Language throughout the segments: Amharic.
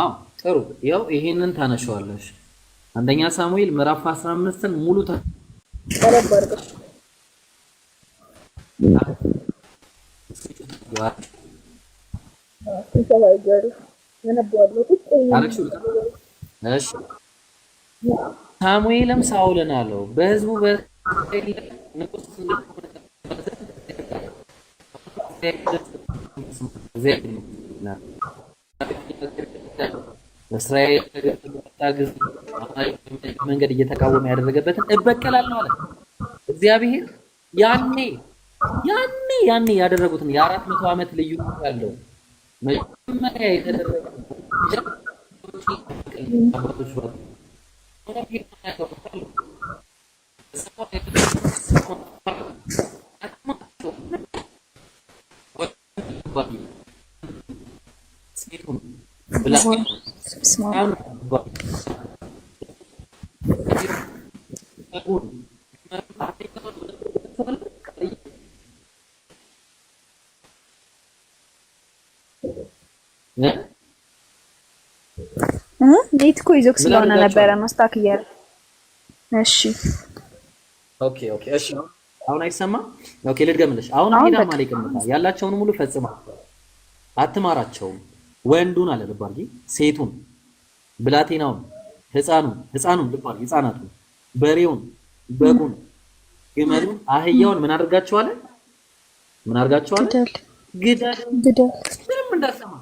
አዎ ጥሩ። ያው ይሄንን ታነሻዋለሽ። አንደኛ ሳሙኤል ምዕራፍ 15ን ሙሉ ሳሙኤልም ሳውልን አለው በህዝቡ በ በእስራኤል ተመጣ ጊዜ መንገድ እየተቃወመ ያደረገበትን ነው አለ እግዚአብሔር። ያኔ ያኔ ያኔ ያደረጉትን የአራት መቶ ዓመት ልዩ ያለው መጀመሪያ የተደረገ ቤት እኮ ይዞክ ስለሆነ ነበረ መስታክ እሺ፣ ኦኬ ኦኬ፣ እሺ። አሁን አይሰማ? ኦኬ፣ ልድገምልሽ። አሁን አሚዳ ማለይቅምታ ያላቸውን ሙሉ ፈጽማ አትማራቸውም ወንዱን አለ ልብ አድርጊ፣ ሴቱን፣ ብላቴናውን፣ ህፃኑን ህፃኑን ልብ አድርጊ፣ ህፃናቱን፣ በሬውን፣ በጉን፣ ግመሉን፣ አህያውን ምን አድርጋችኋል? ምን አድርጋችኋል? ግደል። ምንም እንዳሰማ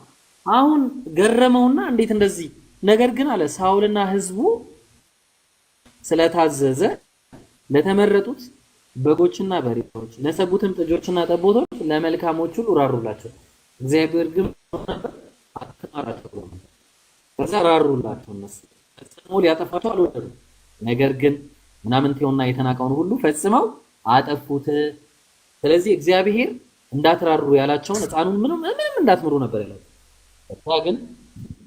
አሁን ገረመውና እንዴት እንደዚህ ነገር ግን አለ ሳውልና ህዝቡ ስለታዘዘ ለተመረጡት በጎችና በሬዎች ለሰቡትም ጥጆችና ጠቦቶች ለመልካሞች ሁሉ ራሩላቸው። እግዚአብሔር ግን አላቸው ብሎ ከዛ ራሩላቸው እነሱ ፈጽመው ሊያጠፋቸው አልወደዱም። ነገር ግን ምናምንቴውና የተናቀውን ሁሉ ፈጽመው አጠፉት። ስለዚህ እግዚአብሔር እንዳትራሩ ያላቸውን ሕፃኑን ምንም ምንም እንዳትምሩ ነበር ያላቸው። እሷ ግን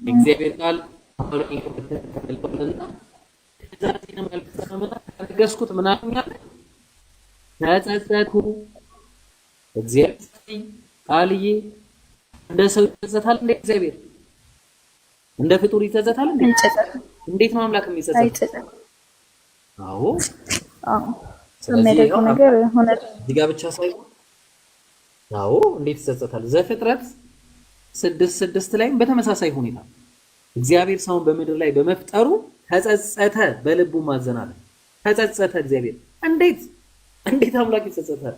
የእግዚአብሔር ቃል ተመልጦልና ከዛዚህ መልክሰምና ከነገስኩት ምናምን ያለ ተጸጸቱ። እግዚአብሔር ቃልዬ እንደ ሰው ይጸጸታል እንደ እግዚአብሔር እንደ ፍጡር ይጸጸታል እንዴት ነው አምላክ የሚጸጸተው? አዎ አዎ፣ የሚያደርገው ነገር ሆነ እዚህ ጋር ብቻ ሳይሆን አዎ፣ እንዴት ይጸጸታል? ዘፍጥረት ስድስት ስድስት ላይም በተመሳሳይ ሁኔታ እግዚአብሔር ሰውን በምድር ላይ በመፍጠሩ ተጸጸተ፣ በልቡ ማዘናለ ተጸጸተ። እግዚአብሔር እንዴት እንዴት አምላክ ይጸጸታል?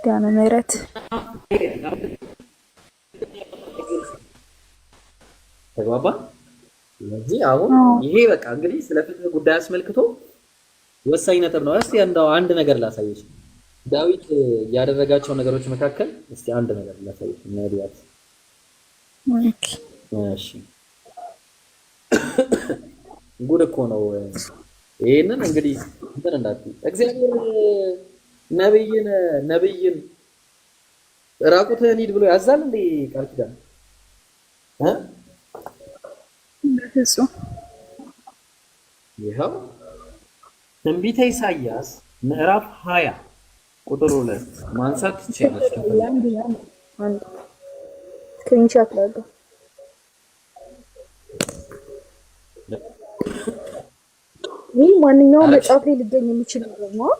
ኪዳነ ምህረት ተግባባ። ስለዚህ አሁን ይሄ በቃ እንግዲህ ስለ ፍትህ ጉዳይ አስመልክቶ ወሳኝ ነጥብ ነው። እስቲ እንደው አንድ ነገር ላሳየች። ዳዊት ያደረጋቸው ነገሮች መካከል እስቲ አንድ ነገር ላሳየች። ነቢያት እሺ፣ ጉድ እኮ ነው። ይሄንን እንግዲህ እንትን እንዳትዪ እግዚአብሔር ነብይን ነብይን ራቁትህን ሂድ ብሎ ያዛል እንዴ? ቃል ኪዳን ፍጹም ይኸው ትንቢተ ኢሳያስ ምዕራፍ 20 ቁጥር 2 ማንሳት ትችላለች። ስክሪንሻት ላይ ይህ ማንኛውም መጽሐፍ ላይ ሊገኝ የሚችል ነገር ነው።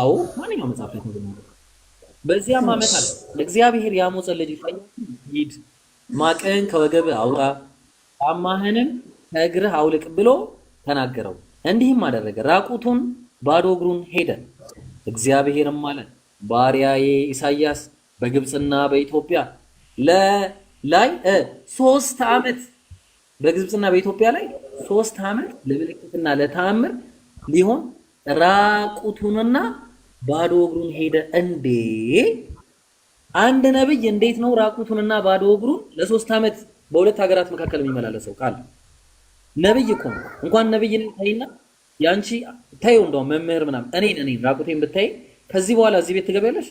አዎ ማንኛውም መጽሐፍ ላይ ተገኘ። በዚያም ዓመት አለ እግዚአብሔር ልጅ ሂድ ማቅህን ከወገብህ አውጣ ጫማህንም ከእግርህ አውልቅ ብሎ ተናገረው። እንዲህም አደረገ። ራቁቱን ባዶ እግሩን ሄደ። እግዚአብሔርም አለ፣ ባሪያዬ ኢሳይያስ በግብፅና በኢትዮጵያ ላይ ሶስት ዓመት በግብፅና በኢትዮጵያ ላይ ሶስት ዓመት ለምልክትና ለተአምር ሊሆን ራቁቱንና ባዶ እግሩን ሄደ እንዴ አንድ ነብይ እንዴት ነው ራቁቱንና ባዶ እግሩን ለሶስት ዓመት በሁለት ሀገራት መካከል የሚመላለሰው? ቃል ነብይ እኮ ነው። እንኳን ነብይን ታይና ያንቺ ታየው እንደው መምህር ምናምን እኔን እኔን ራቁቴን ብታይ ከዚህ በኋላ እዚህ ቤት ትገበለሽ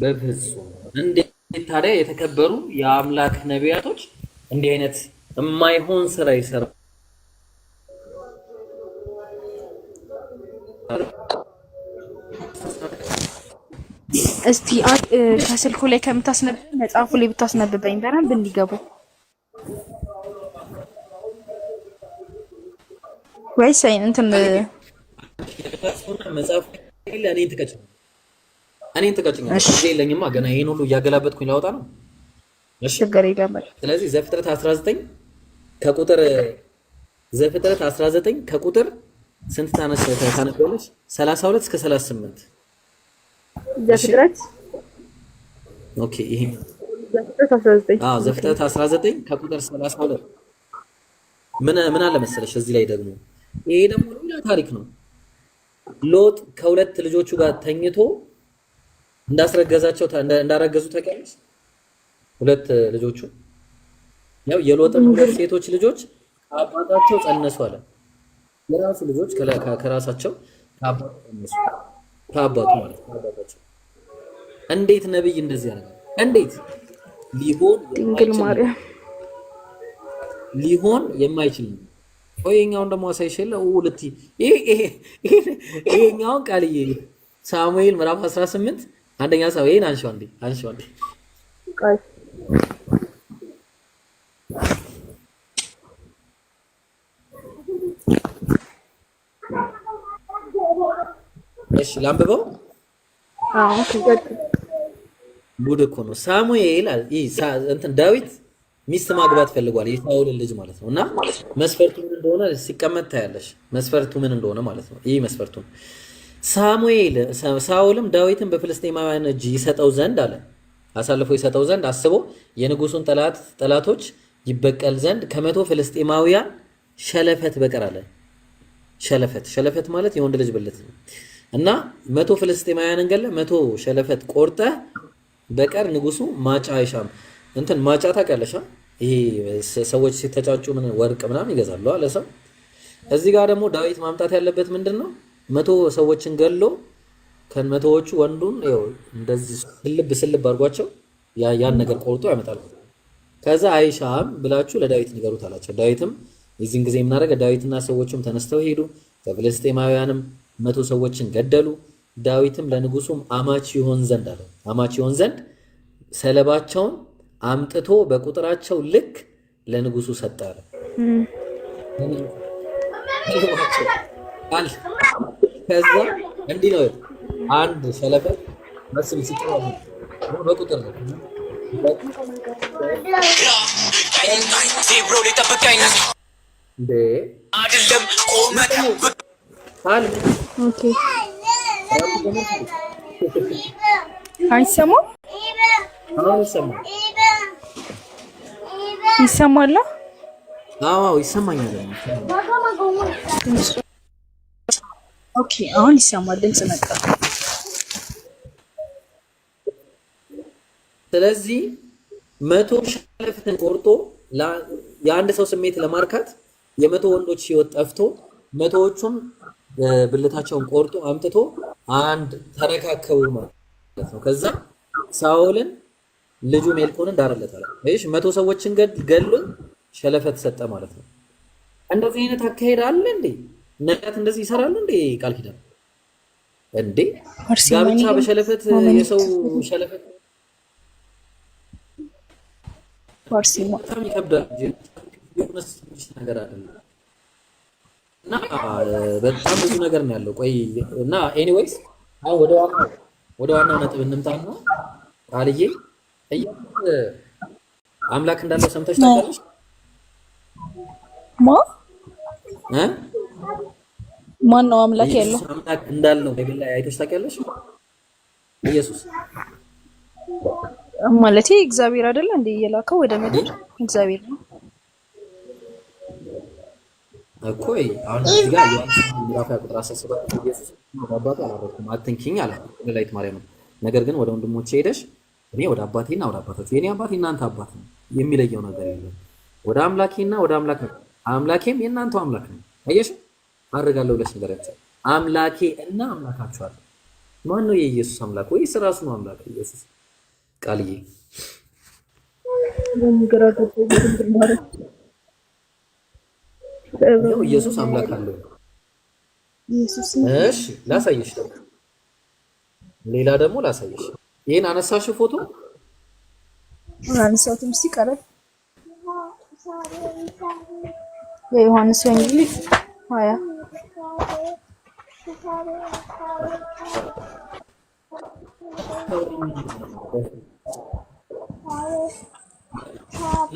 በፍጹም። እንዴት ታዲያ የተከበሩ የአምላክ ነቢያቶች እንዲህ አይነት የማይሆን ስራ ይሰራል። እስቲ ከስልኩ ላይ ከምታስነብበኝ መጽሐፉ ላይ ብታስነብበኝ በደንብ እንዲገቡ ወይስ አይ እንትን እኔን ትቀጭኛል። ጊዜ የለኝማ ገና ይሄን ሁሉ እያገላበጥኩኝ ላወጣ ነው። ስለዚህ ዘፍጥረት 19 ከቁጥር ዘፍጥረት 19 ከቁጥር ስንት ታነበለሽ? 32 እስከ 38 ዘፍጥረት ኦኬ ይሄ ዘፍጥረት 19 ከቁጥር 32 ምን ምን አለ መሰለሽ እዚህ ላይ ደግሞ ይሄ ደግሞ ሌላ ታሪክ ነው። ሎጥ ከሁለት ልጆቹ ጋር ተኝቶ እንዳስረገዛቸው እንዳረገዙ ተቀምስ ሁለት ልጆቹ ያው ሁለት ሴቶች ልጆች ከአባታቸው ጸነሱ አለ። የራሱ ልጆች ከራሳቸው ከአባታቸው ጸነሱ ከአባቱ ማለት ከአባታቸው እንዴት ነብይ እንደዚህ ያደርጋል? እንዴት ሊሆን ድንግል ማርያም ሊሆን የማይችል ነው። ይሄኛውን ደግሞ አሳይሽለ ሁለት ይሄኛውን ቃልዬ ሳሙኤል ምዕራፍ 18 አንደኛ ሰው ይሄን አንሺው አንዴ እሺ ላንብበው። ጉድ እኮ ነው። ሳሙኤል እንትን ዳዊት ሚስት ማግባት ፈልጓል፣ የሳውል ልጅ ማለት ነው። እና መስፈርቱ ምን እንደሆነ ሲቀመጥ ታያለሽ። መስፈርቱ ምን እንደሆነ ማለት ነው። ይህ መስፈርቱ ሳሙኤል ሳውልም ዳዊትን በፍልስጤማውያን እጅ ይሰጠው ዘንድ አለ አሳልፎ ይሰጠው ዘንድ አስቦ የንጉሱን ጠላቶች ይበቀል ዘንድ ከመቶ ፍልስጤማውያን ሸለፈት በቀር አለ። ሸለፈት ሸለፈት ማለት የወንድ ልጅ ብልት ነው። እና መቶ ፍልስጤማውያንን ገለ መቶ ሸለፈት ቆርጠ በቀር ንጉሱ ማጫ አይሻም። እንትን ማጫ ታውቂያለሽ? ይሄ ሰዎች ሲተጫጩ ምን ወርቅ ምናምን ይገዛሉ አለ ሰው። እዚህ ጋር ደግሞ ዳዊት ማምጣት ያለበት ምንድን ነው? መቶ ሰዎችን ገሎ ከመቶዎቹ ወንዱን ይኸው እንደዚህ ስልብ ስልብ አድርጓቸው ያን ነገር ቆርጦ ያመጣል። ከዛ አይሻም ብላችሁ ለዳዊት ንገሩት አላቸው። ዳዊትም የዚህን ጊዜ የምናደርገ ዳዊትና ሰዎቹም ተነስተው ሄዱ ከፍልስጤማውያንም መቶ ሰዎችን ገደሉ። ዳዊትም ለንጉሱም አማች ይሆን ዘንድ አለው። አማች ይሆን ዘንድ ሰለባቸውን አምጥቶ በቁጥራቸው ልክ ለንጉሱ ሰጠ አለ። ከዛ እንዲህ ነው አንድ ሰለበት መስል ሲጠ በቁጥር ነው አይደለም ቆመ ኦኬ አይሰማም? ይሰማል? አዎ ይሰማኛል። ኦኬ አሁን ይሰማል፣ ድምጽ መጣ። ስለዚህ መቶ ሸለፍትን ቆርጦ የአንድ ሰው ስሜት ለማርካት የመቶ ወንዶች ህይወት ጠፍቶ መቶዎቹም ብልታቸውን ቆርጦ አምጥቶ አንድ ተረካከቡ ማለት ነው። ከዛ ሳኦልን ልጁ ሜልኮንን ዳረለታል። ይሽ መቶ ሰዎችን ገድሎ ሸለፈት ሰጠ ማለት ነው። እንደዚህ አይነት አካሄድ አለ እንዴ? ነቢያት እንደዚህ ይሰራሉ እንዴ? ቃል ኪዳን እንዴ? ጋብቻ በሸለፈት የሰው ሸለፈት በጣም ይከብዳል። ነገር አይደለም በጣም ብዙ ነገር ነው ያለው። ቆይ እና ኤኒዌይስ አሁን ወደ ዋናው ወደ ዋናው ነጥብ እንምጣና ቃልዬ አምላክ እንዳለው ሰምተሽ ታውቃለሽ? ማ እ ማን ነው አምላክ ያለው? አምላክ እንዳለው ባይብል ላይ አይተሽ ታውቂያለሽ? ኢየሱስ ማለት እግዚአብሔር አይደለ እንዴ? እየላከው ወደ ምድር እግዚአብሔር ነው። እኮይ አሁን እዚህ ጋር ምዕራፍ ቁጥር 17 ኢየሱስ አባቴ አላረኩም አትንኪኝ አለ ለላይት ማርያም። ነገር ግን ወደ ወንድሞቼ ሄደሽ እኔ ወደ አባቴና ወደ አባታችሁ የኔ አባት የእናንተ አባት ነው የሚለየው ነገር የለም። ወደ አምላኬና ወደ አምላክ አምላኬም የእናንተው አምላክ ነው። አየሽ አድርጋለሁ ብለሽ ነገር አምላኬ እና አምላካችሁ ማን ነው የኢየሱስ አምላክ ወይስ ራሱ ነው አምላክ ኢየሱስ? ቃልዬ ኢየሱስ አምላክ አለው። እሺ ላሳየሽ ደግሞ ሌላ ደግሞ ላሳየሽ። ይሄን አነሳሽው ፎቶ አነሳሁትም ሲቀረ የዮሐንስ ወንጌል ሀያ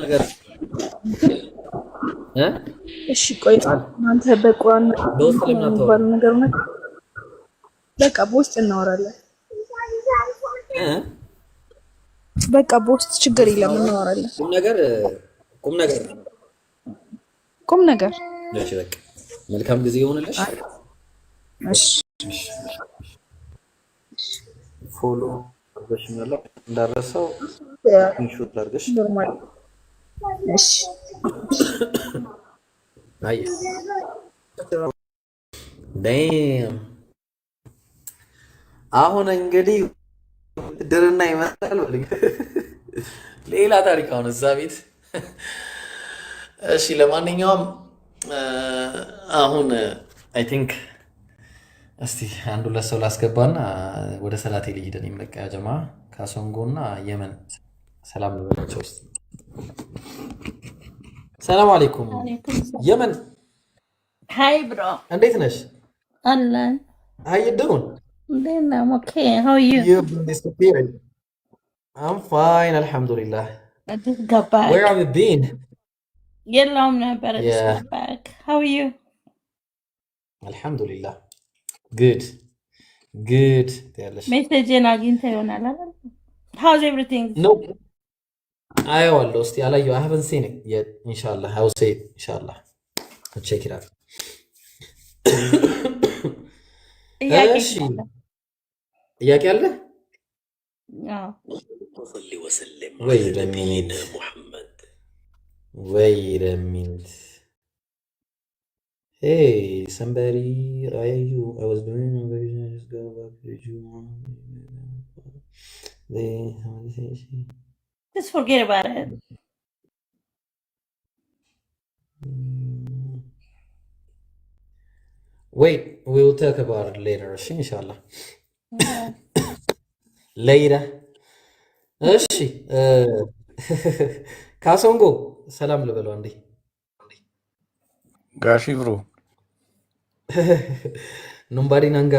ነገር እሺ ቆይ እናንተ በቋን ባሉ ነገር ነው። በቃ በውስጥ እናወራለን። በቃ በውስጥ ችግር የለም እናወራለን። ቁም ነገር ቁም ነገር ቁም ነገር። እሺ በቃ መልካም ጊዜ ይሆንልሽ። እሺ ፎሎ አድርገሽኛል፣ እንዳረሰው ኢንሹት አድርገሽ ኖርማል እሺ አይ አሁን እንግዲህ ውድድርና ይመጣል። ሌላ ታሪክ አሁን እዛ ቤት። እሺ ለማንኛውም አሁን አይ ቲንክ እስቲ አንድ ሁለት ሰው ላስገባና ወደ ሰላቴ ልሂድ። እኔም ጀማ ካሶንጎ እና የመን ሰላም ልበላቸው ውስጥ ሰላም አለይኩም። የመን ሀይ ብሮ፣ እንዴት ነሽ? አለን ሀይ ድሩን ፋይን አልሐምዱሊላህ። የለውም ነበር አልሐምዱሊላህ። ግድ ግድ ሜሴጅን አግኝተ ይሆናል። አየዋለሁ። እስቲ አላየሁ። አይ ሀቭን ሲን ኢንሻአላህ አው ሴ ኢንሻአላህ ቼክ ኢት አውት። ጥያቄ አለ ወይ ለሚል ወይ ለሚል Hey, somebody, I you, I was doing a version, I just got back to you. They, Just forget about it. Wait, we will talk about it later. እሺ later። እሺ ካሶንጎ ሰላም ልበለው አንዴ። ጋሺ ብሮ ኖምባዲ ናንጋ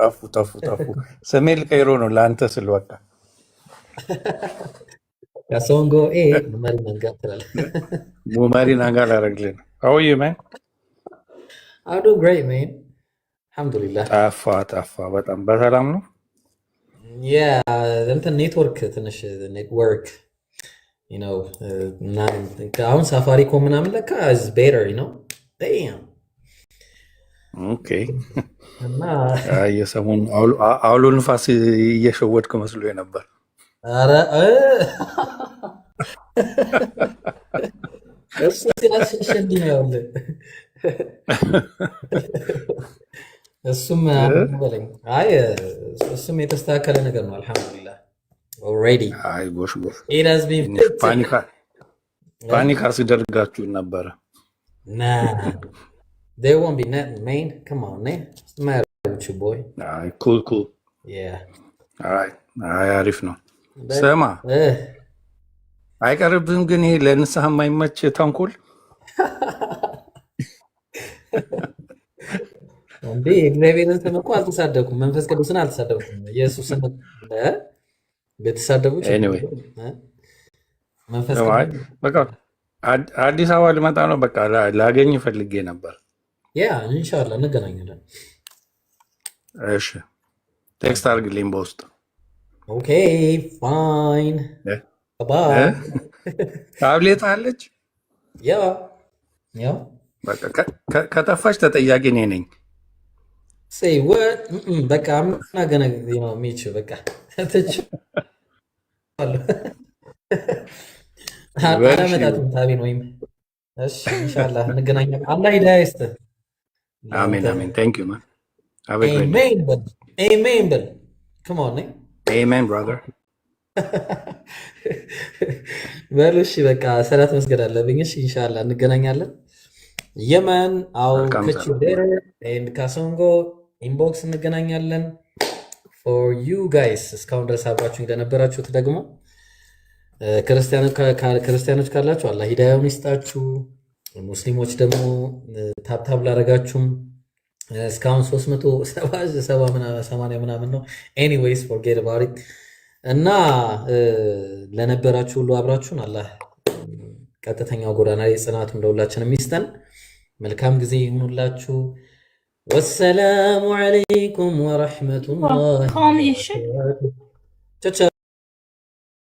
ጠፉ ጠፉ ጠፉ። ስሜ ልቀይሮ ነው ለአንተ ስል በቃ Yeah, Songo A, Mumari Nanga. Bumari Nanga directly. How are you, man? I'm doing great, man. Alhamdulillah. ታፋ ታፋ በጣም በሰላም ነው። Yeah, then the network, ትንሽ network, you know, uh, ምናምን አሁን ሳፋሪኮም ምናምን ለካ is better, you know. Damn. ኦኬ እና የሰሞኑን አውሎ ንፋስ እየሸወድክ መስሎ ነበር። እሱም በለኝ አይ እሱም የተስተካከለ ነገር ነው። አልሐምዱሊላህ ኦልሬዲ ፓኒክ አስደርጋችሁ ነበረ። አሪፍ ነው። ስማ አይቀርብህም ግን ይሄ ለንስሐ የማይመች ተንኮል እንዴ! እግዚአብሔርን ተመቁ አልተሳደብኩም፣ መንፈስ ቅዱስን አልተሳደብኩም። ኢየሱስ ቤተሳደቡ አዲስ አበባ ልመጣ ነው። በቃ ላገኝ ፈልጌ ነበር። ያ ኢንሻላህ እንገናኛለን። እሺ ቴክስት አድርግልኝ በውስጥ ፋይን ታብሌት አለች። ከጠፋች ተጠያቂ እኔ ነኝ። በቃ ምናገነ ጊዜ ነው በቃ ታቢን ወይም ሂዳያ አሜን አሜን። ቴንክ ዩ በል በል ነኝ አሜን ብራዘር። በሉ እሺ፣ በቃ ሰላት መስገድ አለብኝ። እሺ ኢንሻላህ እንገናኛለን። የመን አው ከቹዴር ኤንድ ካሶንጎ ኢንቦክስ እንገናኛለን። ፎር ዩ ጋይስ እስካሁን ድረስ አብራችሁ እንደነበራችሁት ደግሞ ክርስቲያኖች ካላችሁ አላህ ሂዳያውን ይስጣችሁ። ሙስሊሞች ደግሞ ታብታብ ላረጋችሁም እስካሁን 378 ምናምን ነው። ኤኒዌይስ ፎርጌት ባሪ እና ለነበራችሁ ሁሉ አብራችሁን አላህ ቀጥተኛው ጎዳና ላይ ጽናቱን ለሁላችንም ይስጠን። መልካም ጊዜ ይሁኑላችሁ። ወሰላሙ አለይኩም ወረሕመቱላህ